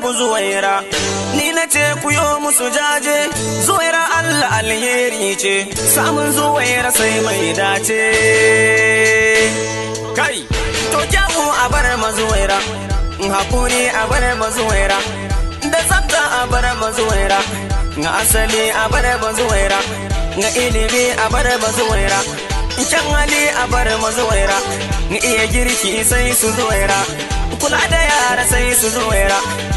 babu zuwaira ni na ce ku yo musu jaje zuwaira Allah alheri ce samun zuwaira sai mai dace kai to kyawu a bar ma in hakuri a bar ma zuwaira. da tsafta a bar zuwaira na asali a bar zuwaira na ilimi a bar mazuwaira kyan hali a bar zuwaira ga iya girki sai su zuwaira kula da yara sai su zuwaira